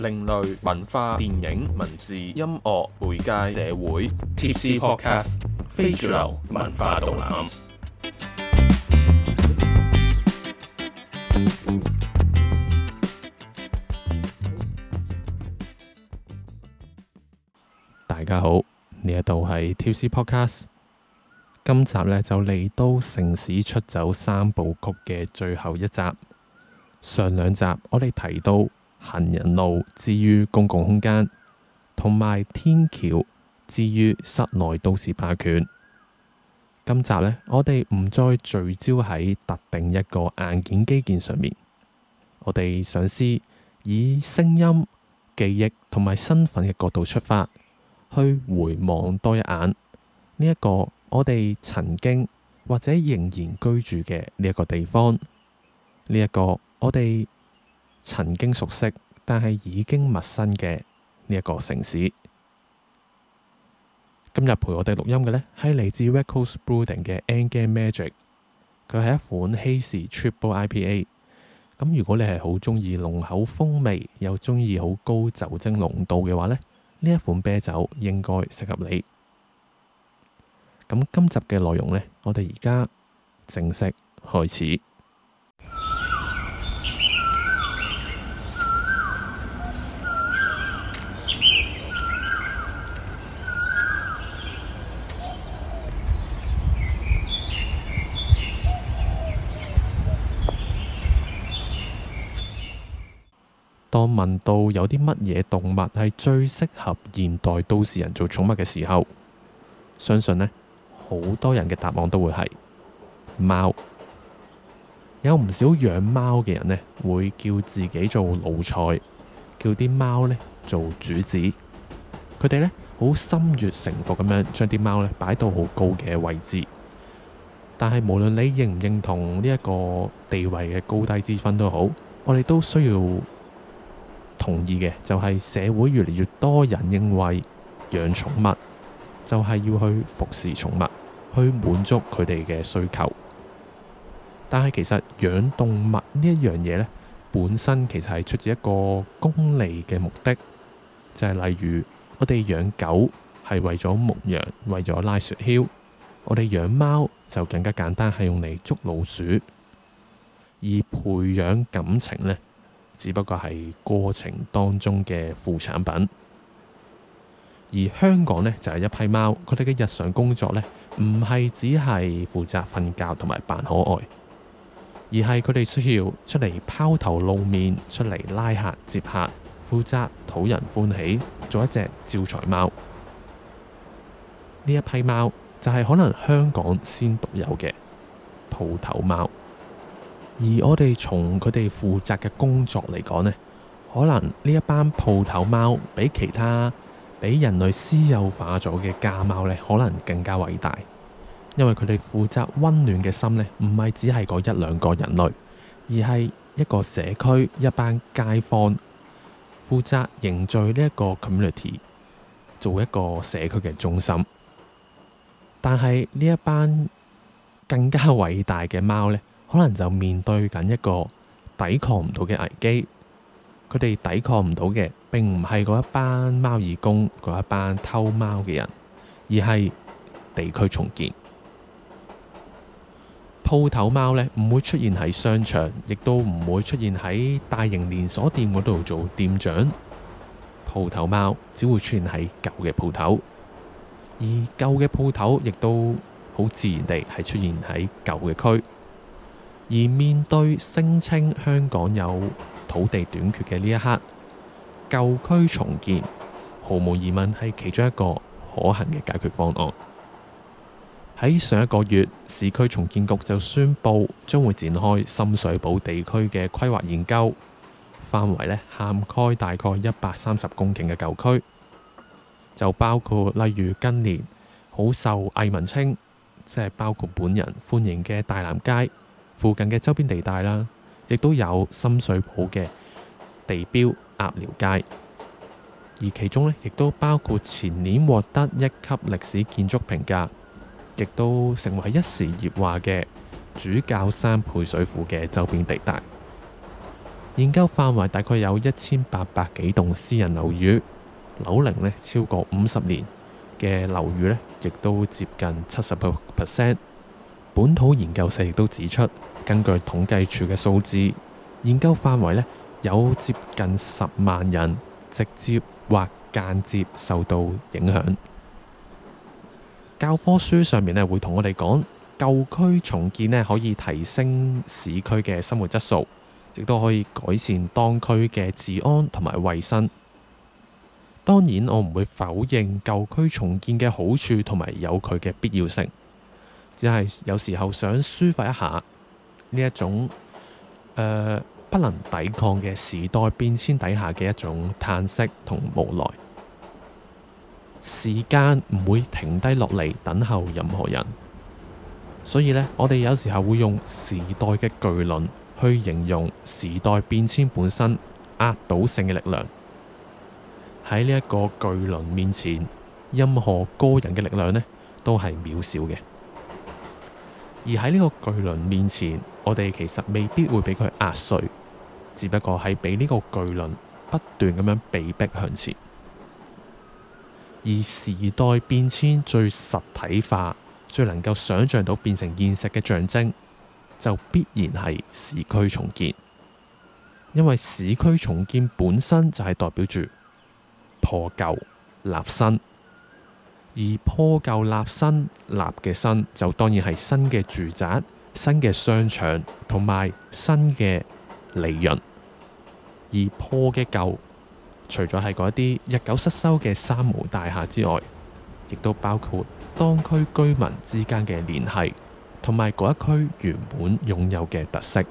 另類文化、電影、文字、音樂、媒介、社會，Tipsy Podcast 非主流 文化導覽。大家好，呢一度係 Tipsy Podcast。今集呢，就嚟到《城市出走三部曲》嘅最後一集。上兩集我哋提到。行人路之於公共空間，同埋天橋之於室內都市霸權。今集呢，我哋唔再聚焦喺特定一個硬件基建上面，我哋想試以聲音、記憶同埋身份嘅角度出發，去回望多一眼呢一個我哋曾經或者仍然居住嘅呢一個地方，呢一個我哋，曾經熟悉但係已經陌生嘅呢一個城市。今日陪我哋錄音嘅呢係嚟自 Reco Brewing 嘅 Angie Magic。佢係一款 Hazy Triple IPA。咁如果你係好中意濃厚風味又中意好高酒精濃度嘅話咧，呢一款啤酒應該適合你。咁今集嘅內容呢，我哋而家正式開始。問到有啲乜嘢動物係最適合現代都市人做寵物嘅時候，相信呢，好多人嘅答案都會係貓。有唔少養貓嘅人呢，會叫自己做奴才，叫啲貓呢做主子。佢哋呢，好心悦誠服咁樣，將啲貓呢擺到好高嘅位置。但係無論你認唔認同呢一個地位嘅高低之分都好，我哋都需要。同意嘅就係社會越嚟越多人認為養寵物就係要去服侍寵物，去滿足佢哋嘅需求。但係其實養動物呢一樣嘢咧，本身其實係出自一個功利嘅目的，就係例如我哋養狗係為咗牧羊，為咗拉雪橇；我哋養貓就更加簡單，係用嚟捉老鼠，而培養感情咧。只不過係過程當中嘅副產品，而香港呢，就係、是、一批貓，佢哋嘅日常工作呢，唔係只係負責瞓覺同埋扮可愛，而係佢哋需要出嚟拋頭露面，出嚟拉客接客，負責討人歡喜，做一隻招財貓。呢一批貓就係、是、可能香港先獨有嘅鋪頭貓。而我哋從佢哋負責嘅工作嚟講呢，可能呢一班鋪頭貓比其他俾人類私有化咗嘅家貓呢，可能更加偉大，因為佢哋負責溫暖嘅心呢，唔係只係嗰一兩個人類，而係一個社區，一班街坊負責凝聚呢一個 community，做一個社區嘅中心。但係呢一班更加偉大嘅貓呢，可能就面對緊一個抵抗唔到嘅危機，佢哋抵抗唔到嘅並唔係嗰一班貓義工，嗰一班偷貓嘅人，而係地區重建。鋪頭貓呢唔會出現喺商場，亦都唔會出現喺大型連鎖店嗰度做店長。鋪頭貓只會出現喺舊嘅鋪頭，而舊嘅鋪頭亦都好自然地係出現喺舊嘅區。而面對聲稱香港有土地短缺嘅呢一刻，舊區重建毫無疑問係其中一個可行嘅解決方案。喺上一個月，市區重建局就宣布將會展開深水埗地區嘅規劃研究，範圍呢，涵蓋大概一百三十公頃嘅舊區，就包括例如今年好受藝文青，即係包括本人歡迎嘅大南街。附近嘅周邊地帶啦，亦都有深水埗嘅地標鴨寮街，而其中呢，亦都包括前年獲得一級歷史建築評價，亦都成為一時熱話嘅主教山配水庫嘅周邊地帶。研究範圍大概有一千八百幾棟私人樓宇，樓齡呢超過五十年嘅樓宇呢，亦都接近七十個 percent。本土研究社亦都指出，根據統計處嘅數字，研究範圍呢有接近十萬人直接或間接受到影響。教科書上面呢會同我哋講，舊區重建呢可以提升市區嘅生活質素，亦都可以改善當區嘅治安同埋衞生。當然，我唔會否認舊區重建嘅好處同埋有佢嘅必要性。只係有時候想抒發一下呢一種誒、呃、不能抵抗嘅時代變遷底下嘅一種嘆息同無奈。時間唔會停低落嚟等候任何人，所以呢，我哋有時候會用時代嘅巨輪去形容時代變遷本身壓倒性嘅力量。喺呢一個巨輪面前，任何個人嘅力量呢，都係渺小嘅。而喺呢個巨輪面前，我哋其實未必會俾佢壓碎，只不過係俾呢個巨輪不斷咁樣被逼迫向前。而時代變遷最實體化、最能夠想象到變成現實嘅象徵，就必然係市區重建，因為市區重建本身就係代表住破舊立新。而破舊立新，立嘅新就當然係新嘅住宅、新嘅商場同埋新嘅利潤；而破嘅舊，除咗係嗰啲日久失修嘅三無大廈之外，亦都包括當區居民之間嘅聯繫同埋嗰一區原本擁有嘅特色。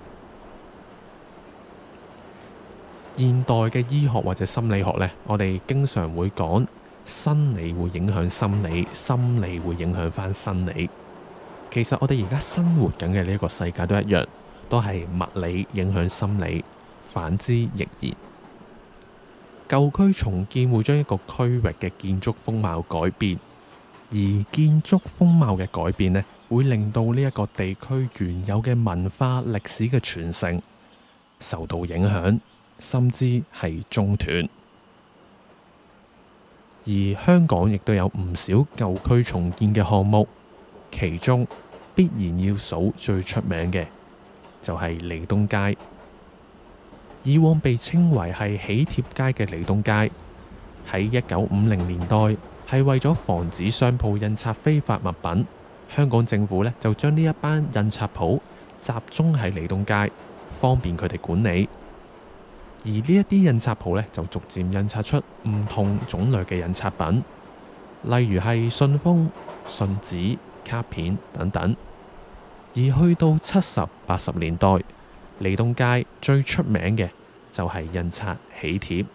現代嘅醫學或者心理學呢，我哋經常會講。生理會影響心理，心理會影響翻生理。其實我哋而家生活緊嘅呢一個世界都一樣，都係物理影響心理，反之亦然。舊區重建會將一個區域嘅建築風貌改變，而建築風貌嘅改變呢，會令到呢一個地區原有嘅文化歷史嘅傳承受到影響，甚至係中斷。而香港亦都有唔少舊區重建嘅項目，其中必然要數最出名嘅，就係利東街。以往被稱為係喜帖街嘅利東街，喺一九五零年代係為咗防止商鋪印刷非法物品，香港政府呢就將呢一班印刷鋪集中喺利東街，方便佢哋管理。而呢一啲印刷鋪咧，就逐漸印刷出唔同種類嘅印刷品，例如係信封、信紙、卡片等等。而去到七十八十年代，利東街最出名嘅就係印刷喜帖，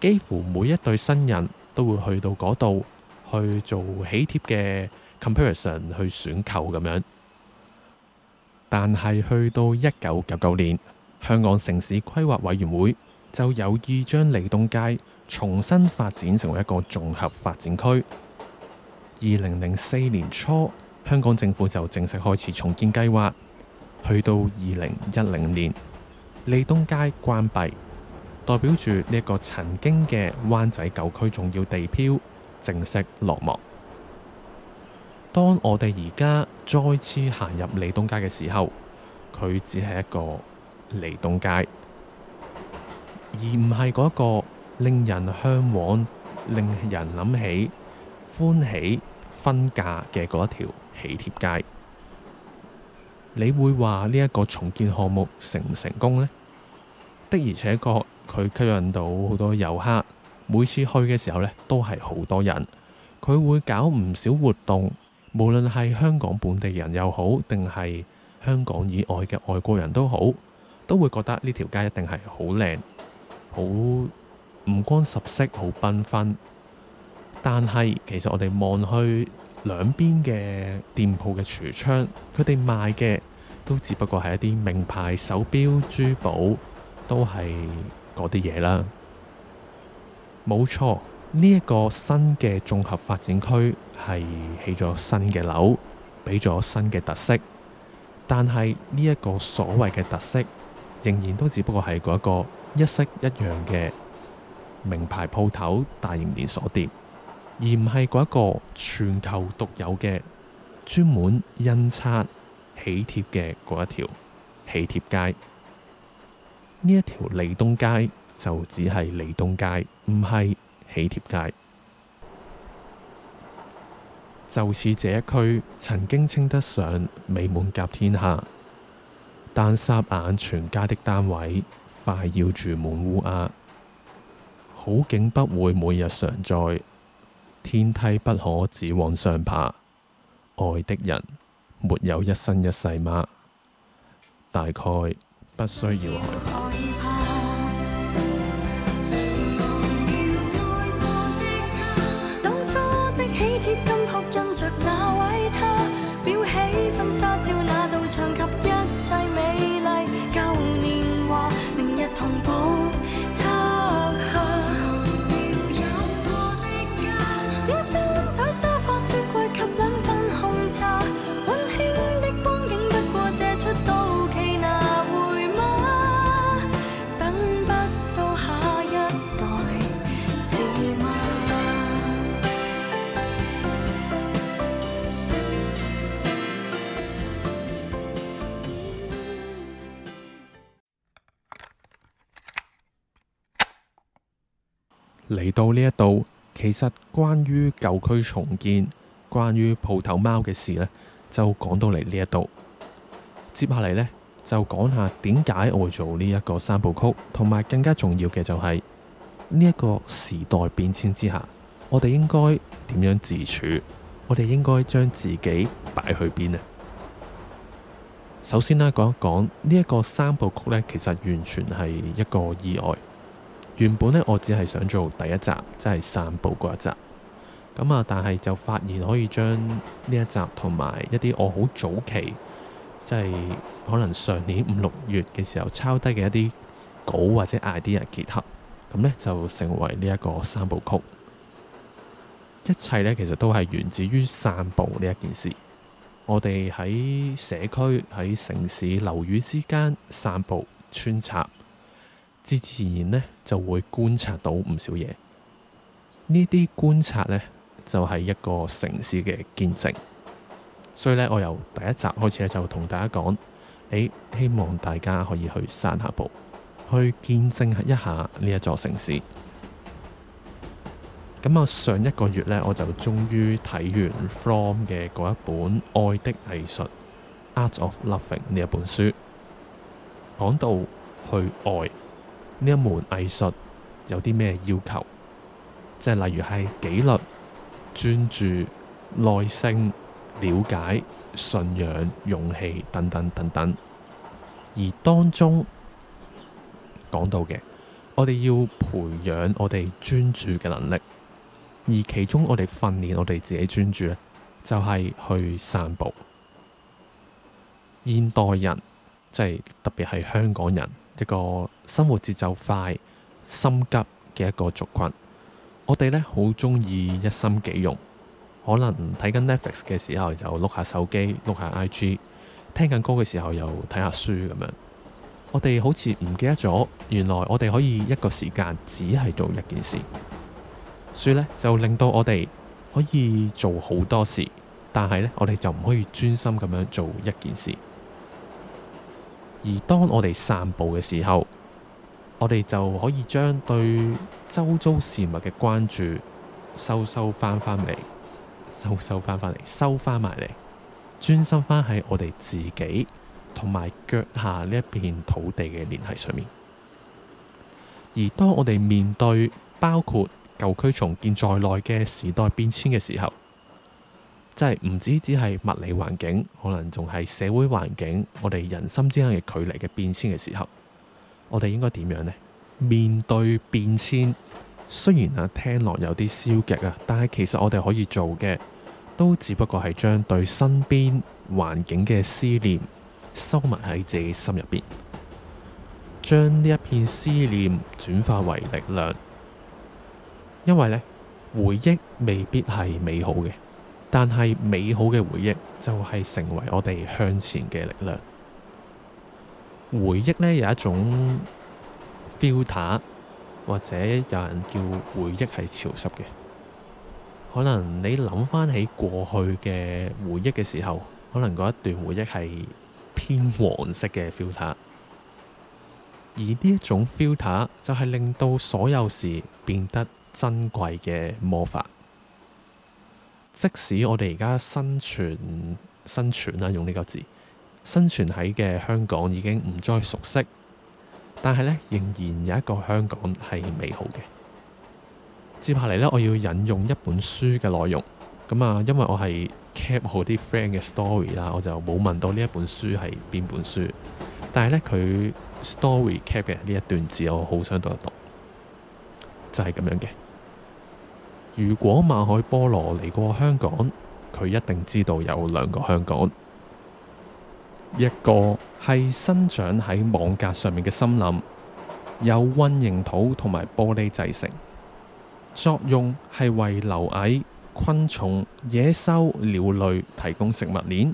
幾乎每一對新人都會去到嗰度去做喜帖嘅 comparison 去選購咁樣。但係去到一九九九年。香港城市規劃委員會就有意將利東街重新發展成為一個綜合發展區。二零零四年初，香港政府就正式開始重建計劃。去到二零一零年，利東街關閉，代表住呢一個曾經嘅灣仔舊區重要地標正式落幕。當我哋而家再次行入利東街嘅時候，佢只係一個。利東街，而唔係嗰個令人嚮往、令人諗起歡喜婚嫁嘅嗰一條喜帖街。你會話呢一個重建項目成唔成功呢？的而且確，佢吸引到好多遊客，每次去嘅時候呢，都係好多人。佢會搞唔少活動，無論係香港本地人又好，定係香港以外嘅外國人都好。都會覺得呢條街一定係好靚，好五光十色，好繽紛，紛。但係其實我哋望去兩邊嘅店鋪嘅櫥窗，佢哋賣嘅都只不過係一啲名牌手錶、珠寶，都係嗰啲嘢啦。冇錯，呢一個新嘅綜合發展區係起咗新嘅樓，俾咗新嘅特色。但係呢一個所謂嘅特色。仍然都只不過係嗰一個一式一樣嘅名牌鋪頭、大型連鎖店，而唔係嗰一個全球獨有嘅專門印刷喜帖嘅嗰一條喜帖街。呢一條利東街就只係利東街，唔係喜帖街。就似、是、這一區曾經稱得上美滿甲天下。但霎眼，全家的單位快要住滿烏鴉，好景不會每日常在，天梯不可只往上爬，愛的人沒有一生一世嗎？大概不需要害怕。嚟到呢一度，其實關於舊區重建、關於鋪頭貓嘅事呢，就講到嚟呢一度。接下嚟呢，就講下點解我會做呢一個三部曲，同埋更加重要嘅就係呢一個時代變遷之下，我哋應該點樣自處？我哋應該將自己擺去邊啊？首先呢，講一講呢一個三部曲呢，其實完全係一個意外。原本呢，我只係想做第一集，即係散步嗰一集。咁啊，但係就發現可以將呢一集同埋一啲我好早期，即係可能上年五六月嘅時候抄低嘅一啲稿或者 idea 結合，咁呢，就成為呢一個散步曲。一切呢，其實都係源自於散步呢一件事。我哋喺社區、喺城市樓宇之間散步穿插。自自然然呢，就會觀察到唔少嘢。呢啲觀察呢，就係一個城市嘅見證。所以呢，我由第一集開始呢，就同大家講，哎，希望大家可以去散下步，去見證一下呢一座城市。咁啊，上一個月呢，我就終於睇完 From 嘅嗰一本《愛的藝術》《Art of Loving》呢一本書，講到去愛。呢一門藝術有啲咩要求？即係例如係紀律、專注、耐性、了解、信仰、勇氣等等等等。而當中講到嘅，我哋要培養我哋專注嘅能力。而其中我哋訓練我哋自己專注咧，就係去散步。現代人即係特別係香港人。一個生活節奏快、心急嘅一個族群，我哋呢好中意一心幾用，可能睇緊 Netflix 嘅時候就碌下手機、碌下 IG，聽緊歌嘅時候又睇下書咁樣。我哋好似唔記得咗，原來我哋可以一個時間只係做一件事。所以呢就令到我哋可以做好多事，但係呢，我哋就唔可以專心咁樣做一件事。而當我哋散步嘅時候，我哋就可以將對周遭事物嘅關注收收翻返嚟，收收返返嚟，收返埋嚟，專心返喺我哋自己同埋腳下呢一片土地嘅聯繫上面。而當我哋面對包括舊區重建在內嘅時代變遷嘅時候，即係唔止只係物理環境，可能仲係社會環境，我哋人心之間嘅距離嘅變遷嘅時候，我哋應該點樣呢？面對變遷，雖然啊聽落有啲消極啊，但係其實我哋可以做嘅，都只不過係將對身邊環境嘅思念收埋喺自己心入邊，將呢一片思念轉化為力量，因為呢，回憶未必係美好嘅。但係美好嘅回憶就係成為我哋向前嘅力量。回憶呢有一種 filter，或者有人叫回憶係潮濕嘅。可能你諗翻起過去嘅回憶嘅時候，可能嗰一段回憶係偏黃色嘅 filter。而呢一種 filter 就係令到所有事變得珍貴嘅魔法。即使我哋而家生存、生存啦，啊，用呢個字，生存喺嘅香港已經唔再熟悉，但係咧仍然有一個香港係美好嘅。接下嚟咧，我要引用一本書嘅內容。咁啊，因為我係 keep 好啲 friend 嘅 story 啦，我就冇問到呢一本書係邊本書，但係咧佢 story keep 嘅呢一段字，我好想讀一讀，就係、是、咁樣嘅。如果馬海波羅嚟過香港，佢一定知道有兩個香港，一個係生長喺網格上面嘅森林，有混凝土同埋玻璃製成，作用係為螻蟻、昆蟲、野獸、鳥類提供食物鏈，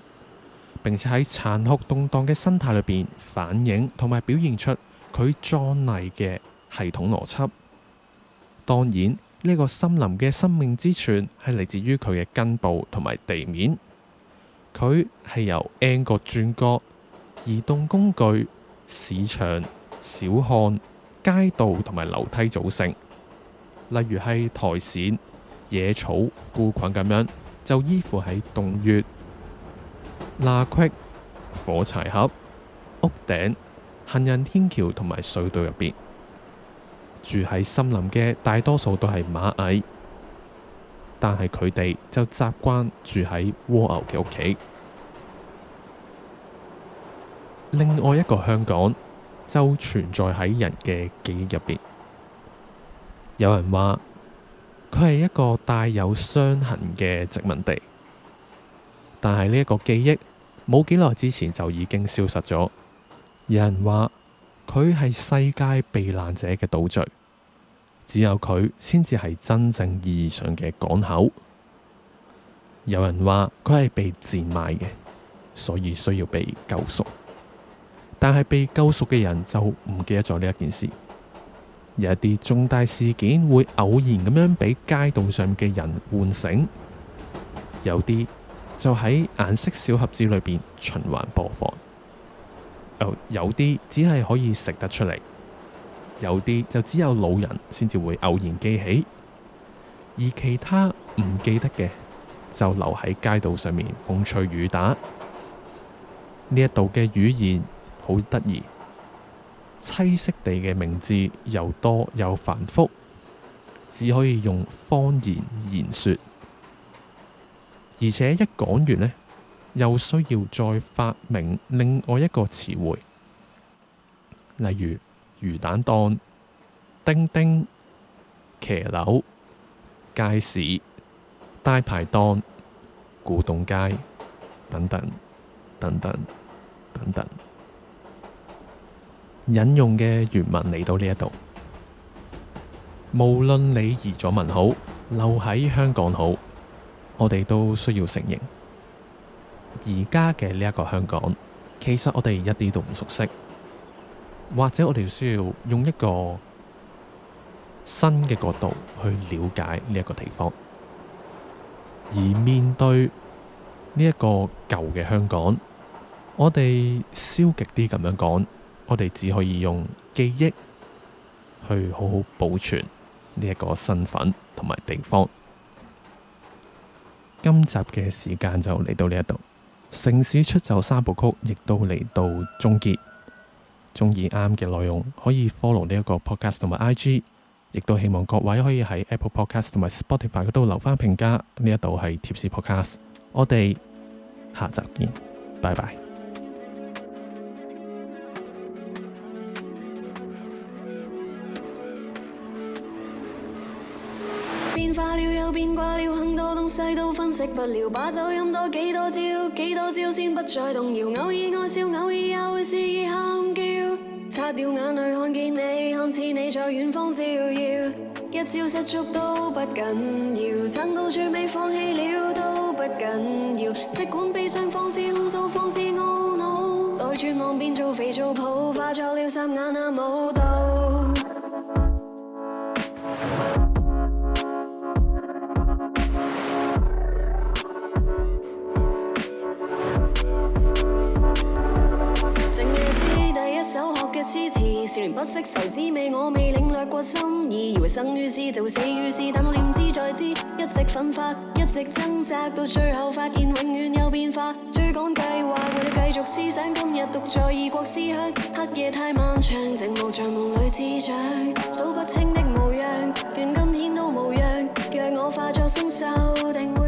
並且喺殘酷動盪嘅生態裏邊反映同埋表現出佢壯麗嘅系統邏輯。當然。呢個森林嘅生命之泉係嚟自於佢嘅根部同埋地面，佢係由 N 個轉角、移動工具、市場、小巷、街道同埋樓梯組成。例如係苔蘚、野草、菇菌咁樣，就依附喺洞穴、罅隙、火柴盒、屋頂、行人天橋同埋隧道入邊。住喺森林嘅大多數都係螞蟻，但係佢哋就習慣住喺蝸牛嘅屋企。另外一個香港就存在喺人嘅記憶入邊。有人話佢係一個帶有傷痕嘅殖民地，但係呢一個記憶冇幾耐之前就已經消失咗。有人話佢係世界避難者嘅島嶼。只有佢先至係真正意義上嘅港口。有人話佢係被賤賣嘅，所以需要被救贖。但係被救贖嘅人就唔記得咗呢一件事。有一啲重大事件會偶然咁樣俾街道上嘅人喚醒。有啲就喺顏色小盒子裏邊循環播放。有有啲只係可以食得出嚟。有啲就只有老人先至會偶然記起，而其他唔記得嘅就留喺街道上面風吹雨打。呢一度嘅語言好得意，棲息地嘅名字又多又繁複，只可以用方言言說，而且一講完呢，又需要再發明另外一個詞彙，例如。魚蛋檔、叮叮、騎樓、街市、大排檔、古董街等等等等等等，引用嘅原文嚟到呢一度，無論你移咗民好，留喺香港好，我哋都需要承認，而家嘅呢一個香港，其實我哋一啲都唔熟悉。或者我哋需要用一個新嘅角度去了解呢一個地方，而面對呢一個舊嘅香港，我哋消極啲咁樣講，我哋只可以用記憶去好好保存呢一個身份同埋地方。今集嘅時間就嚟到呢一度，城市出走三部曲亦都嚟到終結。中意啱嘅內容，可以 follow 呢一個 podcast 同埋 IG，亦都希望各位可以喺 Apple Podcast 同埋 Spotify 嗰度留翻評價。呢一度係 Tipsy Podcast，我哋下集見，拜拜。變化了又變卦了很多東西都分析不了，把酒飲多幾多招，幾多招先不再動搖。偶爾愛笑，偶爾也會是遺憾。擦掉眼淚，看見你，看似你在遠方照耀，一朝失足都不緊要，撐到最尾放棄了都不緊要，即管悲傷，放肆控訴，放肆懊惱。待絕望變做肥皂泡，化作了，了三眼阿、啊、舞。不識愁滋味，我未領略過心意，以為生於斯就會死於斯，等到念之在之，一直奮發一直掙扎，到最後發現永遠有變化。追趕計劃為了繼續思想，今日獨在異國思鄉，黑夜太漫長，寂寞在夢裏滋長，數不清的模樣，願今天都無恙，若我化作星宿，定會。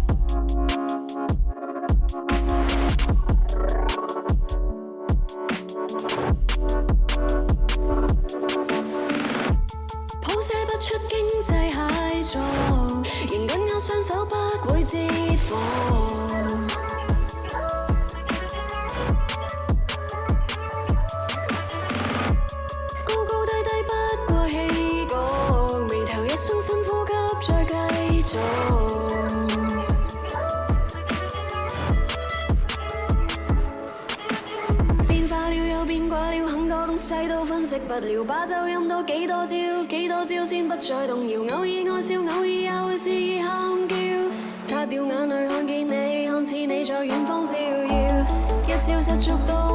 把酒飲到幾多朝，幾多朝先不再動搖，偶爾愛笑，偶爾也會肆意喊叫。擦掉眼淚，看見你，看似你在遠方照耀。一朝失足多。